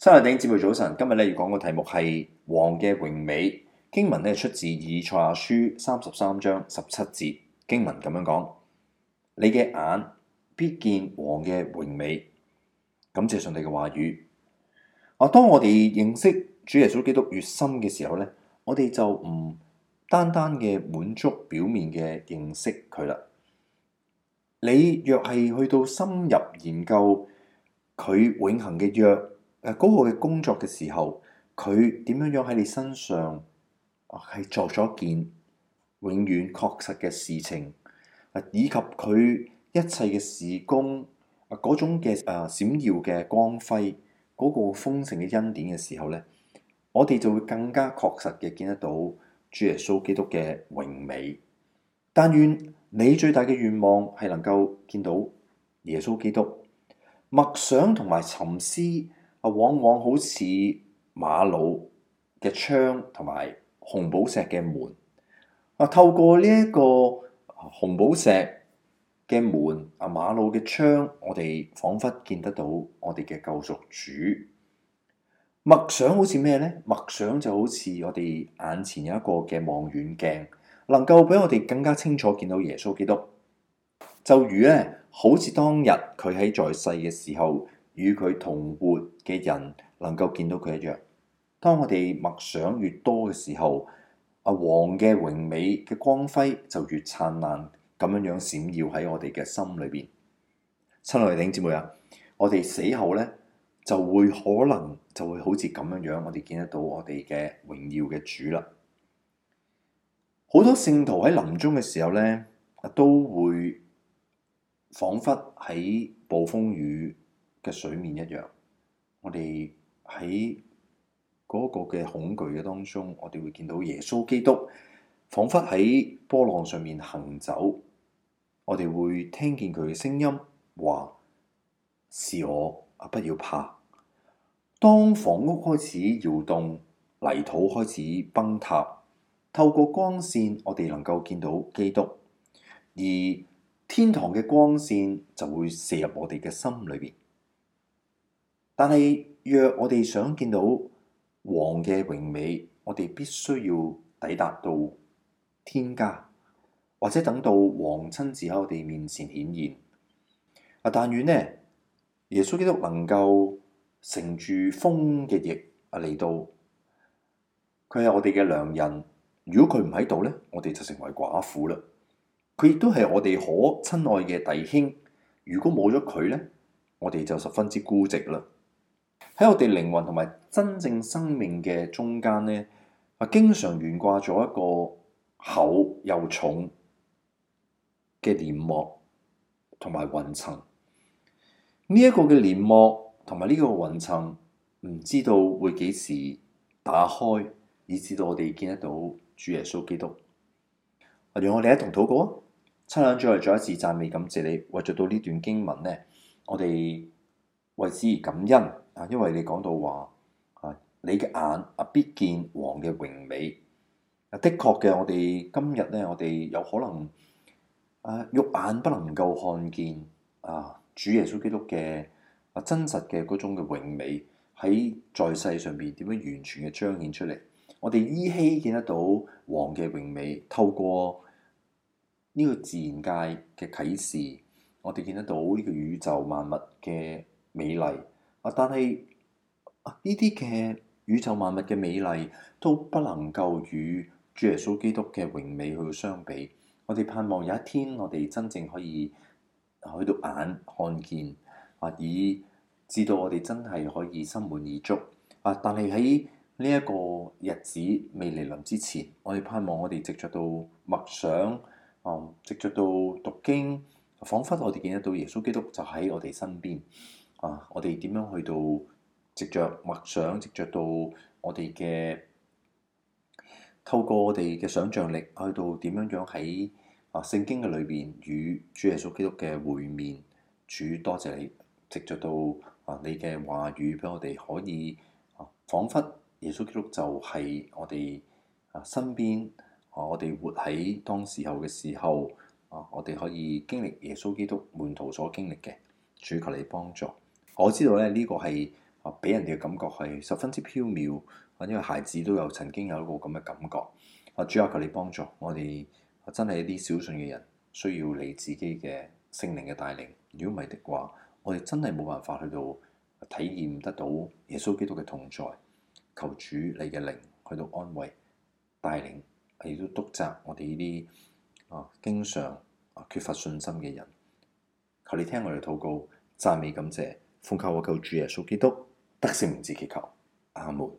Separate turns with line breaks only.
三日頂姊妹早晨，今日咧要講嘅題目係王嘅榮美。經文咧出自以賽亞書三十三章十七節，經文咁樣講，你嘅眼必見王嘅榮美。感謝上帝嘅話語。啊，當我哋認識主耶穌基督越深嘅時候咧，我哋就唔單單嘅滿足表面嘅認識佢啦。你若係去到深入研究佢永恆嘅約。誒嗰個嘅工作嘅時候，佢點樣樣喺你身上係做咗件永遠確實嘅事情，啊，以及佢一切嘅事工啊，嗰種嘅誒閃耀嘅光輝，嗰、嗰個豐盛嘅恩典嘅時候咧，我哋就會更加確實嘅見得到主耶穌基督嘅榮美。但願你最大嘅願望係能夠見到耶穌基督，默想同埋沉思。啊，往往好似瑪瑙嘅窗，同埋紅寶石嘅門。啊，透過呢一個紅寶石嘅門，啊，瑪瑙嘅窗，我哋仿佛見得到我哋嘅救贖主。默想好似咩呢？默想就好似我哋眼前有一個嘅望遠鏡，能夠俾我哋更加清楚見到耶穌基督。就如咧，好似當日佢喺在世嘅時候。與佢同活嘅人能夠見到佢一樣。當我哋默想越多嘅時候，阿王嘅榮美嘅光輝就越燦爛咁樣樣閃耀喺我哋嘅心裏邊。親愛嘅弟兄姊妹啊，我哋死後呢就會可能就會好似咁樣樣，我哋見得到我哋嘅榮耀嘅主啦。好多聖徒喺臨終嘅時候呢，都會彷彿喺暴風雨嘅水面一樣，我哋喺嗰個嘅恐懼嘅當中，我哋會見到耶穌基督，彷彿喺波浪上面行走。我哋會聽見佢嘅聲音，話：是我啊，不要怕。當房屋開始搖動，泥土開始崩塌，透過光線，我哋能夠見到基督，而天堂嘅光線就會射入我哋嘅心裏邊。但係若我哋想見到王嘅榮美，我哋必須要抵達到天家，或者等到王親自喺我哋面前顯現。但願呢耶穌基督能夠乘住風嘅翼啊嚟到，佢係我哋嘅良人。如果佢唔喺度呢，我哋就成為寡婦啦。佢亦都係我哋可親愛嘅弟兄。如果冇咗佢呢，我哋就十分之孤寂啦。喺我哋靈魂同埋真正生命嘅中間咧，啊，經常懸掛咗一個厚又重嘅簾幕同埋雲層。呢一個嘅簾幕同埋呢個雲層，唔知道會幾時打開，以至到我哋見得到主耶穌基督。或如我哋一同禱告啊，差兩聚嚟，再一次讚美感謝你，為著到呢段經文咧，我哋為之而感恩。因為你講到話啊，你嘅眼啊必見王嘅榮美啊，的確嘅。我哋今日咧，我哋有可能啊，肉眼不能夠看見啊，主耶穌基督嘅啊真實嘅嗰種嘅榮美喺在，在世上面點樣完全嘅彰顯出嚟。我哋依稀見得到王嘅榮美，透過呢個自然界嘅啟示，我哋見得到呢個宇宙萬物嘅美麗。但係呢啲嘅宇宙萬物嘅美麗都不能夠與主耶穌基督嘅榮美去相比。我哋盼望有一天，我哋真正可以去到眼看見，啊，以至到我哋真係可以心滿意足。啊！但係喺呢一個日子未嚟臨之前，我哋盼望我哋藉著到默想，啊、嗯，藉著到讀經，仿佛我哋見得到耶穌基督就喺我哋身邊。啊！我哋點樣去到直着，默想，直着到我哋嘅透過我哋嘅想像力去到點樣樣喺啊聖經嘅裏邊與主耶穌基督嘅會面。主多謝你，直着到啊你嘅話語俾我哋可以啊，彷彿耶穌基督就係我哋啊身邊，我哋活喺當時候嘅時候啊，我哋可以經歷耶穌基督門徒所經歷嘅。主求你幫助。我知道咧呢個係俾人哋嘅感覺係十分之飄渺，因為孩子都有曾經有一個咁嘅感覺。我主啊，求你幫助我哋，真係一啲小信嘅人需要你自己嘅聖靈嘅帶領。如果唔係的話，我哋真係冇辦法去到體驗得到耶穌基督嘅同在。求主你嘅靈去到安慰、帶領、亦都督責我哋呢啲啊，經常啊缺乏信心嘅人。求你聽我哋禱告、讚美、感謝。奉靠我救主耶穌基督得勝名字祈求阿門。